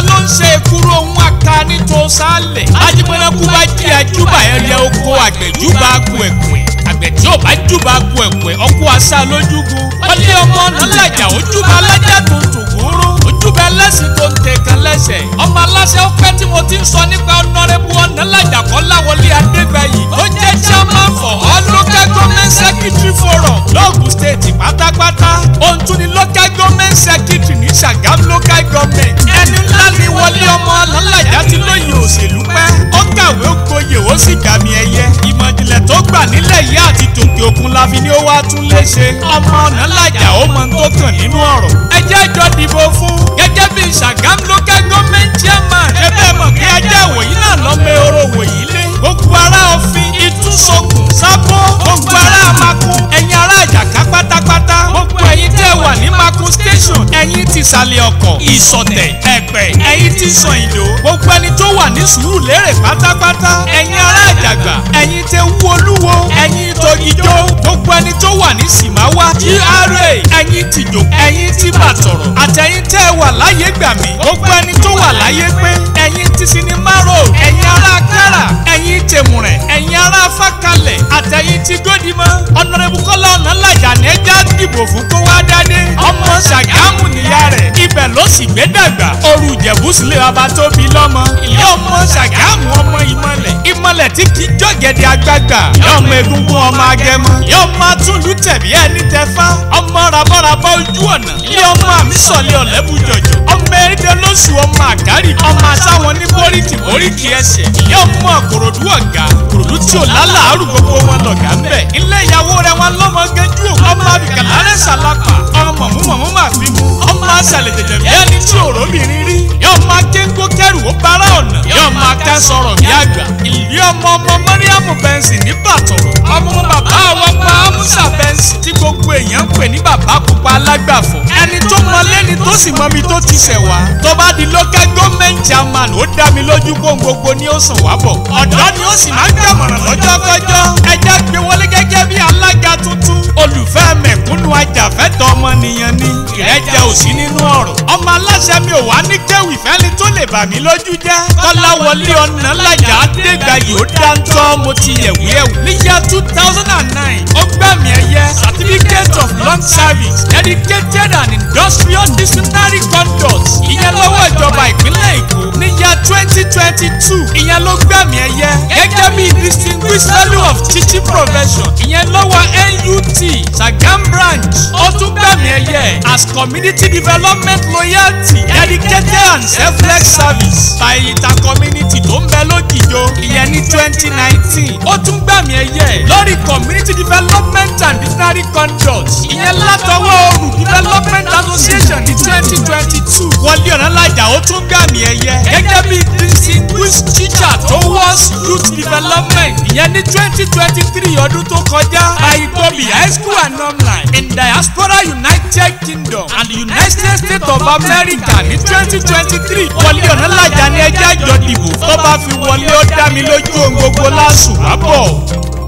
ta ló ń ṣe èkúrò òun àka nítòsálẹ̀. ajípẹ́rẹ́ kú bá jí àjúbà ẹ̀rẹ̀ oko àgbẹ̀júbà ku ẹ̀kùn àgbẹ̀ tí ò bá júbà ku ẹ̀kùn ọkú àṣà lójúgun. ọlẹ́ ọmọ ńlájà ojúbà alájà tó tògúrú ojúbà ẹlẹ́sìn tó ń tẹ̀kan lẹ́sẹ̀. ọmọ aláṣẹ ó tí mo ti ń sọ nípa ọ̀nà rẹ̀ bu ọ̀nà lá lòkun la fi ní ó wá tún lè ṣe ọmọ ọ̀nà làjà ó mọ tó kàn nínú ọ̀rọ̀. ẹ jẹ́ ìjọ dìbò fún gẹ́gẹ́ bí Ṣàgám local government chairman ẹ bẹ́ẹ̀ mọ̀ kí ajá ìwòyí náà lọ́mọ ehoro wòyí lé gbogbo ará òfin ìtúnṣokùn sábó gbogbo ará makun ẹ̀yin ará àjàká pátápátá gbogbo ẹ̀yin tẹ́ wà ní makun station ẹ̀yin ti sàlẹ̀ ọkọ̀ ìsọ̀tẹ̀ ẹ̀pẹ̀ ẹ̀yin ti sàn ìlò gbogbo ẹni tó wà ní sùúrù lérè pátápátá ẹ̀yin ará àjàgbà ẹ̀yin tẹ́ wú olúwo wà láyé gbà mí gbogbo ẹni tó wà láyé pé ẹ̀yin ti sinimá rò ẹ̀yin ará kára ẹ̀yin tèmùrẹ̀ ẹ̀yin ará fákalẹ̀ àtẹ̀yin ti gódìmọ̀ ọ̀nàrẹ́bù kọ́lá ọ̀nàlàjà ní ẹja dìbò fún kó wá dádé ọmọ ṣàgámù nìyá rẹ̀ ibẹ̀ ló sì gbé dàgbà òru ìjẹ̀bú sílẹ̀ baba tó bí lọ́mọ ilé ọmọ ṣàgámù ọmọ ìmọ̀lẹ̀ ìmọ̀lẹ̀ onísọ̀lẹ̀ ọ̀lẹ́bùjọ̀jọ̀ ọmọ ẹ̀rídẹ́ lóṣù ọmọ àkárì ọmọ àtàwọn ní bóríkì bóríkì ẹsẹ̀ ìyá ọmọ àkòròdú ọ̀gá kòròdú tí ò lálàárù gbogbo wọn lọ̀gá ń bẹ̀ ilé ìyàwó rẹ̀ wọn lọ́mọ gẹ́jú òkú ọmọ àbìkàlà rẹ̀ sàlápà ọmọ mọ̀mọ́ máa fi mu ọmọ àṣàlẹ̀ jẹ̀jẹ̀ bí ẹni tí òróbìnrin rí yọ máa ké gbókẹ́rù ó bára ọ̀nà yọ máa ká sọ̀rọ̀ bí ní ọmọ ọmọ mọ́ríàmù bẹ́ǹsì ní bàtọ̀ ọmọ bàbá àwọn pa amúsà bẹ́ǹsì tí gbogbo èèyàn ń pè ní bàbá pupa alágbàfọ̀ ẹni tó mọ lẹ́ni tó sì mọ mi tó ti ṣẹ̀ wá tó di local government chairman ó dá mi lójú kó gbogbo ni ó sàn wá bọ̀ ọ̀dọ́ ni ó sì máa ń jàmọ̀ràn lọ́jọ́ kọjọ́ ẹjẹ́ jẹ́wì fẹ́ni tó lè bà mí lójú jẹ́. kọ́láwọlé ọ̀nà làjà àdégbà yóò dáńtọ́ mo ti yẹ̀wì ẹ̀wù. níyà two thousand and nine ọgbàmì ẹ̀yẹ certificate of long service dedicated and industrial disciplinary conduct ìyẹn lọ́wọ́ ìjọba ìpínlẹ̀ èkó níyà twenty twenty two ìyẹn ló gbàmì ẹ̀yẹ gẹ́gẹ́ bí distinguished value of teaching profession ìyẹn lọ́wọ́ NUT Sagambra as community development loyalty dedicated and selfless service by ìta community tó ń bẹ lójijì ìyẹn ní twenty nineteen ó tún gbàmì ẹ̀yẹ lórí community development and visionary conduct ìyẹn látọwọ́ olùdevelopment association ní twenty twenty two wọlé ọ̀nà làjà ó tún gbàmì ẹ̀yẹ development ìyẹn ní twenty twenty three ọdún tó kọjá by high school and online in diaspora united kingdom and united states of america ní twenty twenty three wọlé ọ̀nàlàjà ní ẹjẹ́ àjọ dìbò tó bá fi wọlé ó dá mi lójú ohun gbogbo lásùn